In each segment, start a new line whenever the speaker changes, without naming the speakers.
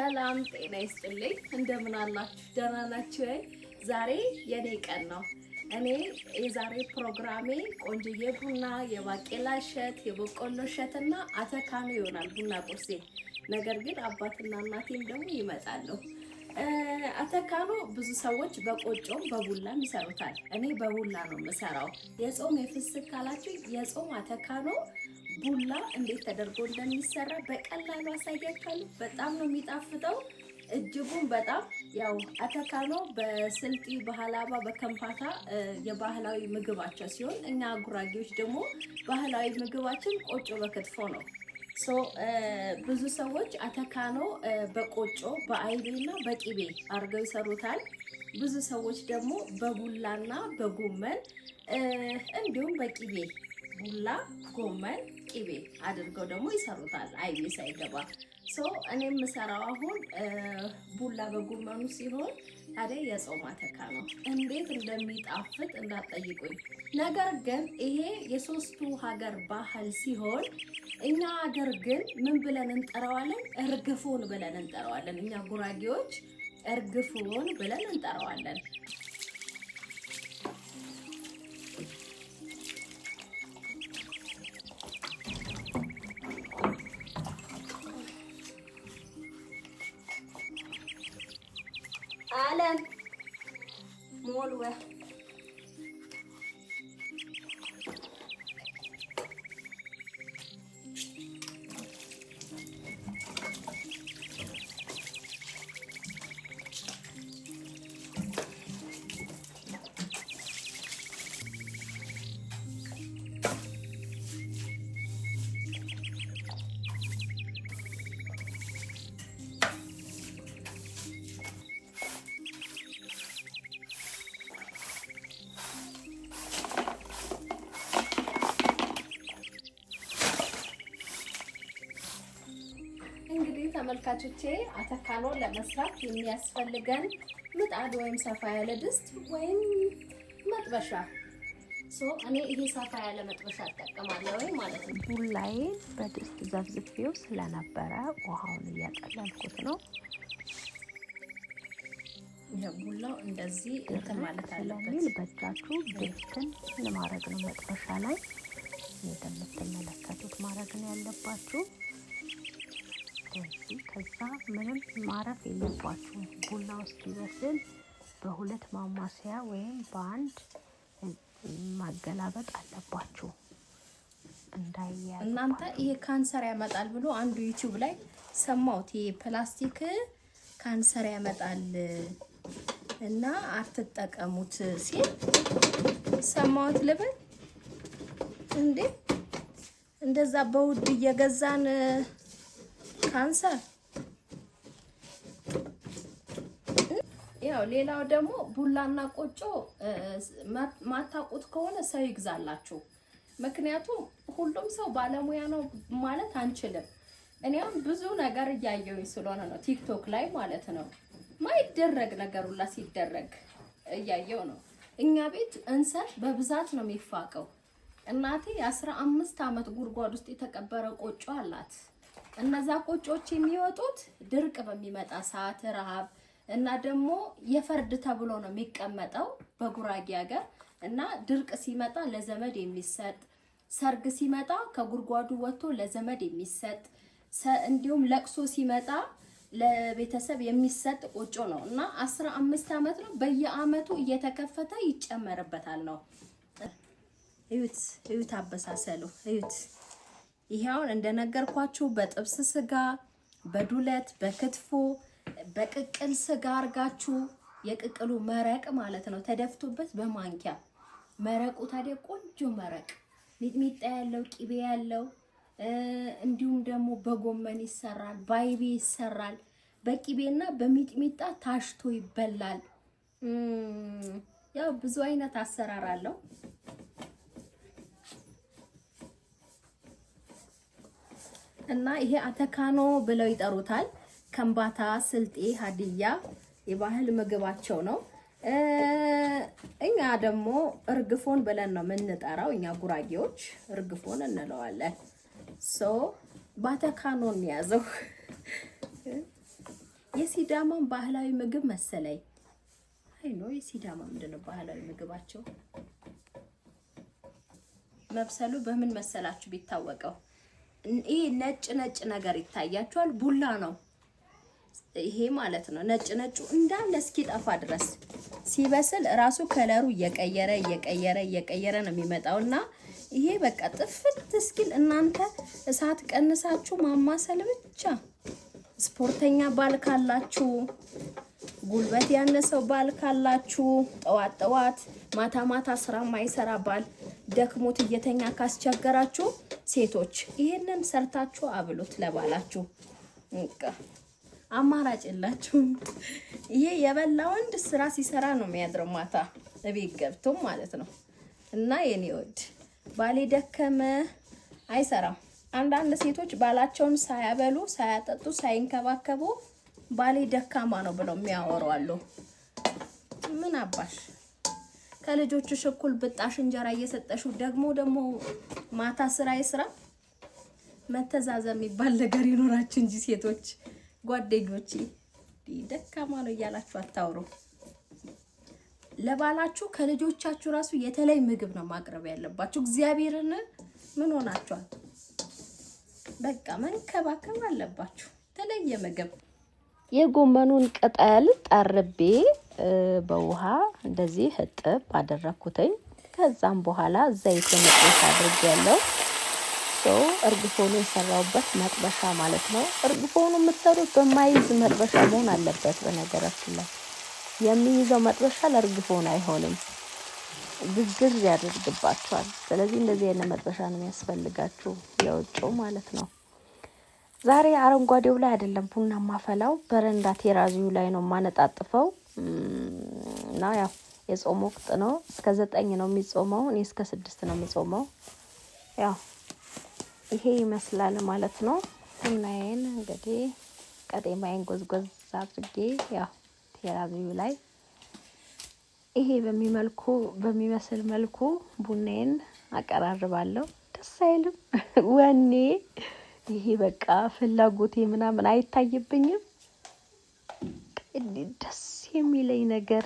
ሰላም ጤና ይስጥልኝ። እንደምን አላችሁ? ደህና ናችሁ? ዛሬ የኔ ቀን ነው። እኔ የዛሬ ፕሮግራሜ ቆንጆዬ ቡና፣ የባቄላ እሸት፣ የበቆሎ እሸት እና አተካኖ ይሆናል ቡና ቁርሴ። ነገር ግን አባትና እናቴም ደግሞ ይመጣሉ። አተካኖ ብዙ ሰዎች በቆጮም በቡላም ይሰሩታል። እኔ በቡላ ነው የምሰራው። የጾም የፍስክ ካላችሁ የጾም አተካኖ ቡላ እንዴት ተደርጎ እንደሚሰራ በቀላሉ አሳያችኋለሁ። በጣም ነው የሚጣፍጠው እጅጉን በጣም ያው አተካኖ በስልጢ በሀላባ በከምፓታ የባህላዊ ምግባቸው ሲሆን እኛ ጉራጌዎች ደግሞ ባህላዊ ምግባችን ቆጮ በክትፎ ነው። ብዙ ሰዎች አተካኖ በቆጮ በአይቤና በቂቤ አድርገው ይሰሩታል። ብዙ ሰዎች ደግሞ በቡላና በጎመን እንዲሁም በቂቤ ቡላ፣ ጎመን፣ ቂቤ አድርገው ደግሞ ይሰሩታል። አይብ ሳይገባ ሰው እኔ የምሰራው አሁን ቡላ በጎመኑ ሲሆን ታዲያ የጾም አተካ ነው። እንዴት እንደሚጣፍጥ እንዳትጠይቁኝ። ነገር ግን ይሄ የሶስቱ ሀገር ባህል ሲሆን እኛ ሀገር ግን ምን ብለን እንጠራዋለን? እርግፉን ብለን እንጠራዋለን። እኛ ጉራጌዎች እርግፉን ብለን እንጠራዋለን። ተመልካቾቼ አተካሮ ለመስራት የሚያስፈልገን ምጣድ ወይም ሰፋ ያለ ድስት ወይም መጥበሻ እኔ ይሄ ሰፋ ያለ መጥበሻ እጠቀማለሁ ማለት ነው። ቡላዬን በድስት ዘፍዝፌው ስለነበረ ውሃውን እያጠለልኩት ነው። ቡላው እንደዚህ ማለት ስለሚል በእጃችሁ ድስትን ለማድረግ ነው መጥበሻ ላይ እንደምትመለከቱት ማድረግ ነው ያለባችሁ። ስለዚህ ከዛ ምንም ማረፍ ቡና ቡናው እስኪበስል በሁለት ማማሰያ ወይም በአንድ ማገላበጥ አለባችሁ እንዳያ እናንተ ይሄ ካንሰር ያመጣል ብሎ አንዱ ዩቲዩብ ላይ ሰማሁት። ይሄ ፕላስቲክ ካንሰር ያመጣል እና አትጠቀሙት ሲል ሰማሁት ልበል እንዴ! እንደዛ በውድ እየገዛን ካንሰር ያው ሌላው ደግሞ ቡላና ቆጮ ማታውቁት ከሆነ ሰው ይግዛላችሁ። ምክንያቱም ሁሉም ሰው ባለሙያ ነው ማለት አንችልም። እኔም ብዙ ነገር እያየሁኝ ስለሆነ ነው፣ ቲክቶክ ላይ ማለት ነው። ማይደረግ ነገር ሁላ ሲደረግ እያየው ነው። እኛ ቤት እንሰር በብዛት ነው የሚፋቀው። እናቴ የአስራ አምስት ዓመት ጉድጓድ ውስጥ የተቀበረ ቆጮ አላት። እነዛ ቆጮች የሚወጡት ድርቅ በሚመጣ ሰዓት ረሃብ እና ደግሞ የፈርድ ተብሎ ነው የሚቀመጠው በጉራጌ ሀገር እና ድርቅ ሲመጣ ለዘመድ የሚሰጥ ሰርግ ሲመጣ ከጉድጓዱ ወጥቶ ለዘመድ የሚሰጥ እንዲሁም ለቅሶ ሲመጣ ለቤተሰብ የሚሰጥ ቆጮ ነው እና አስራ አምስት ዓመት ነው በየአመቱ እየተከፈተ ይጨመርበታል ነው። እዩት እዩት አበሳሰሉ እዩት። ይሄውን እንደነገርኳችሁ በጥብስ ስጋ፣ በዱለት፣ በክትፎ፣ በቅቅል ስጋ አርጋችሁ የቅቅሉ መረቅ ማለት ነው ተደፍቶበት በማንኪያ መረቁ ታዲያ ቆንጆ መረቅ ሚጥሚጣ ያለው ቂቤ ያለው እንዲሁም ደግሞ በጎመን ይሰራል፣ ባይቤ ይሰራል። በቂቤና በሚጥሚጣ ታሽቶ ይበላል። ያው ብዙ አይነት አሰራር አለው። እና ይሄ አተካኖ ብለው ይጠሩታል። ከምባታ፣ ስልጤ፣ ሀዲያ የባህል ምግባቸው ነው። እኛ ደግሞ እርግፎን ብለን ነው የምንጠራው። እኛ ጉራጌዎች እርግፎን እንለዋለን። ሶ ባተካኖን ያዘው የሲዳማን ባህላዊ ምግብ መሰለኝ። አይ ነው የሲዳማ ምንድን ባህላዊ ምግባቸው መብሰሉ በምን መሰላችሁ ቢታወቀው ይሄ ነጭ ነጭ ነገር ይታያችኋል ቡላ ነው ይሄ ማለት ነው። ነጭ ነጩ እንዳለ እስኪጠፋ ድረስ ሲበስል እራሱ ከለሩ እየቀየረ እየቀየረ እየቀየረ ነው የሚመጣውና ይሄ በቃ ጥፍት እስኪል እናንተ እሳት ቀንሳችሁ ማማሰል ብቻ። ስፖርተኛ ባል ካላችሁ፣ ጉልበት ያነሰው ባል ካላችሁ፣ ጠዋት ጠዋት ማታ ማታ ስራ ማይሰራ ባል ደክሞት እየተኛ ካስቸገራችሁ ሴቶች ይህንን ሰርታችሁ አብሉት ለባላችሁ። አማራጭ የላችሁም። ይሄ የበላ ወንድ ስራ ሲሰራ ነው የሚያድረው፣ ማታ እቤት ገብቶም ማለት ነው። እና የኔ ወድ ባሌ ደከመ አይሰራም። አንዳንድ ሴቶች ባላቸውን ሳያበሉ ሳያጠጡ ሳይንከባከቡ ባሌ ደካማ ነው ብለው የሚያወሩ አሉ። ምን አባሽ ከልጆችሽ እኩል ብጣሽ እንጀራ እየሰጠሽው ደግሞ ደግሞ ማታ ስራ ይስራ መተዛዘም የሚባል ነገር ይኖራችሁ እንጂ ሴቶች ጓደኞቼ ደካማ ነው እያላችሁ አታውሩ። ለባላችሁ ከልጆቻችሁ ራሱ የተለይ ምግብ ነው ማቅረብ ያለባችሁ። እግዚአብሔርን ምን ሆናችኋል? በቃ መንከባከብ አለባችሁ የተለየ ምግብ የጎመኑን ቅጠል ጠርቤ በውሃ እንደዚህ እጥብ አደረኩትኝ። ከዛም በኋላ ዘይት መጥበሻ አድርግ ያለው ሰው እርግፎኑ የሰራውበት መጥበሻ ማለት ነው። እርግፎኑ የምትሰሩት በማይዝ መጥበሻ መሆን አለበት። በነገራችን ላይ የሚይዘው መጥበሻ ለእርግፎን አይሆንም፣ ግግዝ ያደርግባቸዋል። ስለዚህ እንደዚህ አይነት መጥበሻ ነው የሚያስፈልጋችሁ፣ የውጭው ማለት ነው። ዛሬ አረንጓዴው ላይ አይደለም ቡና ማፈላው በረንዳ ቴራዚው ላይ ነው ማነጣጥፈው እና ያው የጾም ወቅት ነው። እስከ ዘጠኝ ነው የሚጾመው። እኔ እስከ ስድስት ነው የሚጾመው። ያው ይሄ ይመስላል ማለት ነው። ቡናዬን እንግዲህ ቀጤማዬን ጎዝጎዝ አድርጌ ያው ቴራዚው ላይ ይሄ በሚመልኩ በሚመስል መልኩ ቡናዬን አቀራርባለሁ። ደስ አይልም ወኔ ይሄ በቃ ፍላጎቴ ምናምን አይታይብኝም። ደስ የሚለኝ ነገር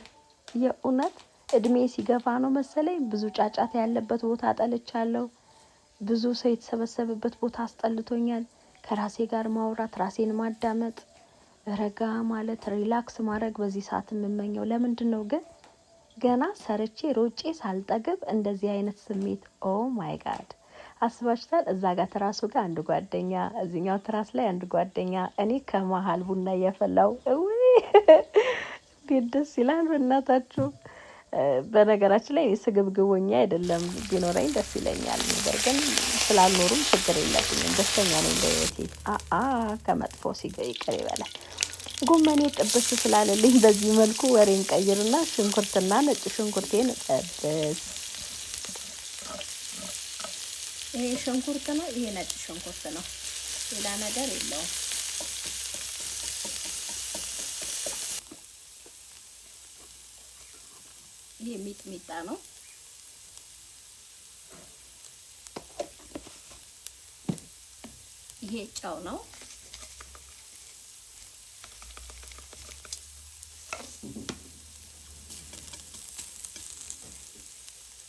የእውነት እድሜ ሲገፋ ነው መሰለኝ ብዙ ጫጫት ያለበት ቦታ አጠልቻለሁ። ብዙ ሰው የተሰበሰበበት ቦታ አስጠልቶኛል። ከራሴ ጋር ማውራት፣ ራሴን ማዳመጥ፣ ረጋ ማለት፣ ሪላክስ ማድረግ በዚህ ሰዓት የምመኘው ለምንድን ነው ግን ገና ሰርቼ ሮጬ ሳልጠግብ እንደዚህ አይነት ስሜት ኦ ማይ ጋድ አስባችታል። እዛ ጋር ትራሱ ጋር አንድ ጓደኛ፣ እዚኛው ትራስ ላይ አንድ ጓደኛ፣ እኔ ከመሀል ቡና እየፈላው እንዴት ደስ ይላል በእናታችሁ። በነገራችን ላይ ስግብግቦኛ አይደለም፣ ቢኖረኝ ደስ ይለኛል። ነገር ግን ስላልኖሩም ችግር የለብኝም፣ ደስተኛ ነኝ በሕይወቴ። አአ ከመጥፎ ይቅር ይበላል። ጎመኔ ጥብስ ስላለልኝ በዚህ መልኩ ወሬን ቀይርና ሽንኩርትና ነጭ ሽንኩርቴን ጠብስ ይሄ ሽንኩርት ነው። ይሄ ነጭ ሽንኩርት ነው። ሌላ ነገር የለውም። ይሄ ሚጥሚጣ ነው። ይሄ ጨው ነው።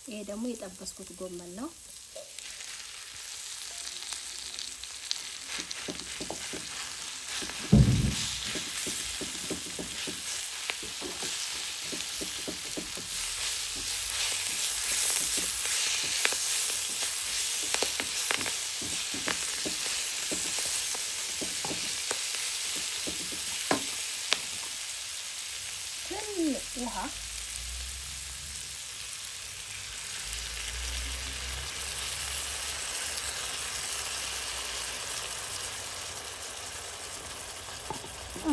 ይሄ ደግሞ የጠበስኩት ጎመን ነው።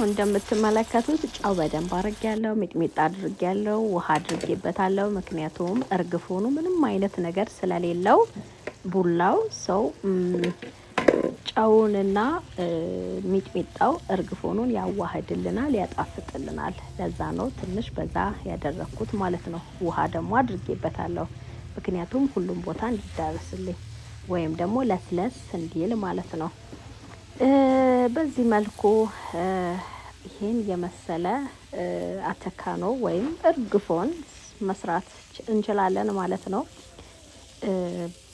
እንደምትመለከቱት ጨው በደንብ አድርግ ያለው ሚጥሚጣ አድርግ ያለው ውሃ አድርጌበታለው። ምክንያቱም እርግፎኑ ምንም አይነት ነገር ስለሌለው ቡላው ሰው ጨውንና ሚጥሚጣው እርግፎኑን ያዋህድልናል፣ ያጣፍጥልናል። ለዛ ነው ትንሽ በዛ ያደረግኩት ማለት ነው። ውሃ ደግሞ አድርጌበታለሁ። ምክንያቱም ሁሉም ቦታ እንዲዳረስልኝ ወይም ደግሞ ለስለስ እንዲል ማለት ነው። በዚህ መልኩ ይህን የመሰለ አተካኖ ወይም እርግፎን መስራት እንችላለን ማለት ነው።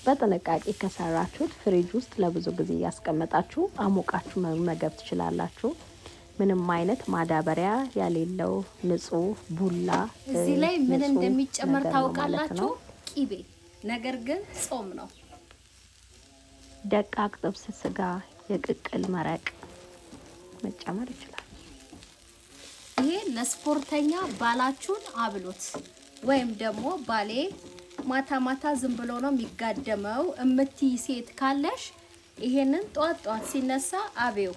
በጥንቃቄ ከሰራችሁት ፍሪጅ ውስጥ ለብዙ ጊዜ እያስቀመጣችሁ አሞቃችሁ መመገብ ትችላላችሁ። ምንም አይነት ማዳበሪያ ያሌለው ንጹህ ቡላ። እዚህ ላይ ምን እንደሚጨመር ታውቃላችሁ? ቂቤ። ነገር ግን ጾም ነው። ደቃቅ ጥብስ ስጋ የቅቅል መረቅ መጨመር ይችላል። ይሄ ለስፖርተኛ ባላችሁን አብሉት። ወይም ደግሞ ባሌ ማታ ማታ ዝም ብሎ ነው የሚጋደመው እምትይ ሴት ካለሽ ይሄንን ጧት ጧት ሲነሳ አቤው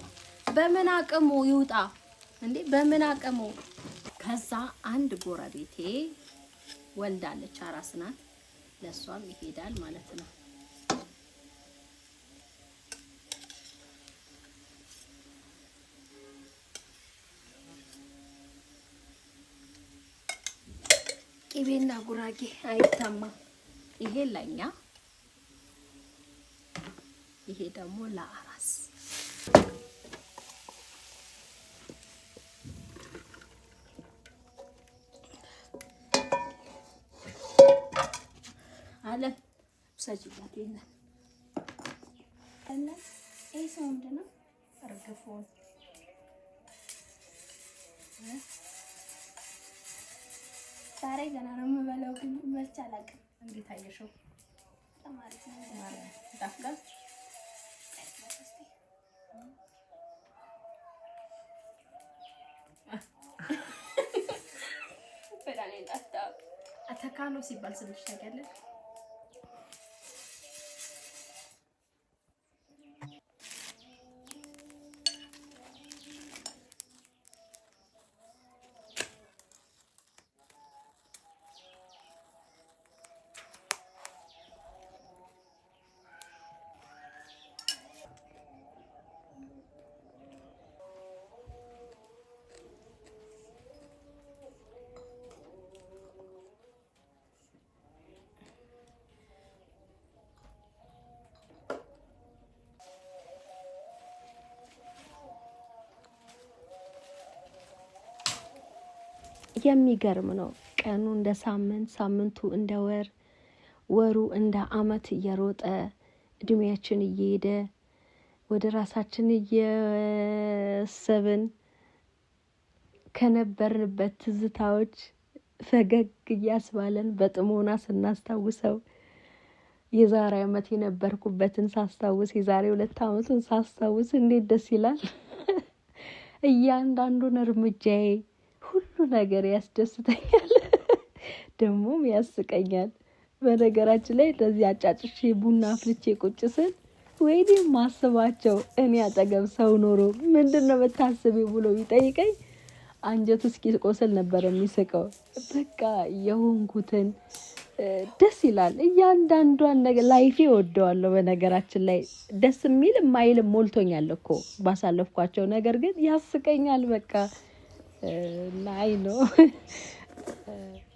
በምን አቅሙ ይውጣ እንዴ በምን አቅሙ። ከዛ አንድ ጎረቤቴ ወልዳለች፣ አራስ ናት። ለእሷም ይሄዳል ማለት ነው። ቅቤና ጉራጌ አይታማ። ይሄ ለኛ፣ ይሄ ደግሞ ለአራስ አለም ሰጅባት ይሄንን እና ይሄ ሰው ምንድን ነው እርግፎን ዛሬ ገና ነው የምበላው፣ ግን መልቼ አላውቅም። እንዴት አየሽው? ይጣፍጣል። ሲባል ስልሽ ታውቂያለሽ? የሚገርም ነው። ቀኑ እንደ ሳምንት፣ ሳምንቱ እንደ ወር፣ ወሩ እንደ አመት እየሮጠ እድሜያችን እየሄደ ወደ ራሳችን እየሰብን ከነበርንበት ትዝታዎች ፈገግ እያስባለን በጥሞና ስናስታውሰው የዛሬ አመት የነበርኩበትን ሳስታውስ የዛሬ ሁለት አመትን ሳስታውስ እንዴት ደስ ይላል። እያንዳንዱን እርምጃዬ ነገር ያስደስተኛል፣ ደግሞም ያስቀኛል። በነገራችን ላይ እንደዚህ አጫጭሼ ቡና አፍልቼ ቁጭ ስል ወይኔ ማስባቸው እኔ አጠገብ ሰው ኖሮ ምንድን ነው የምታስቢው ብሎ ቢጠይቀኝ አንጀቱ ቆስል ነበር የሚስቀው። በቃ የሆንኩትን ደስ ይላል። እያንዳንዷን ነገር ላይፌ ወደዋለሁ። በነገራችን ላይ ደስ የሚል ማይልም ሞልቶኛል እኮ ባሳለፍኳቸው ነገር ግን ያስቀኛል በቃ Eh, nine, no? Eh,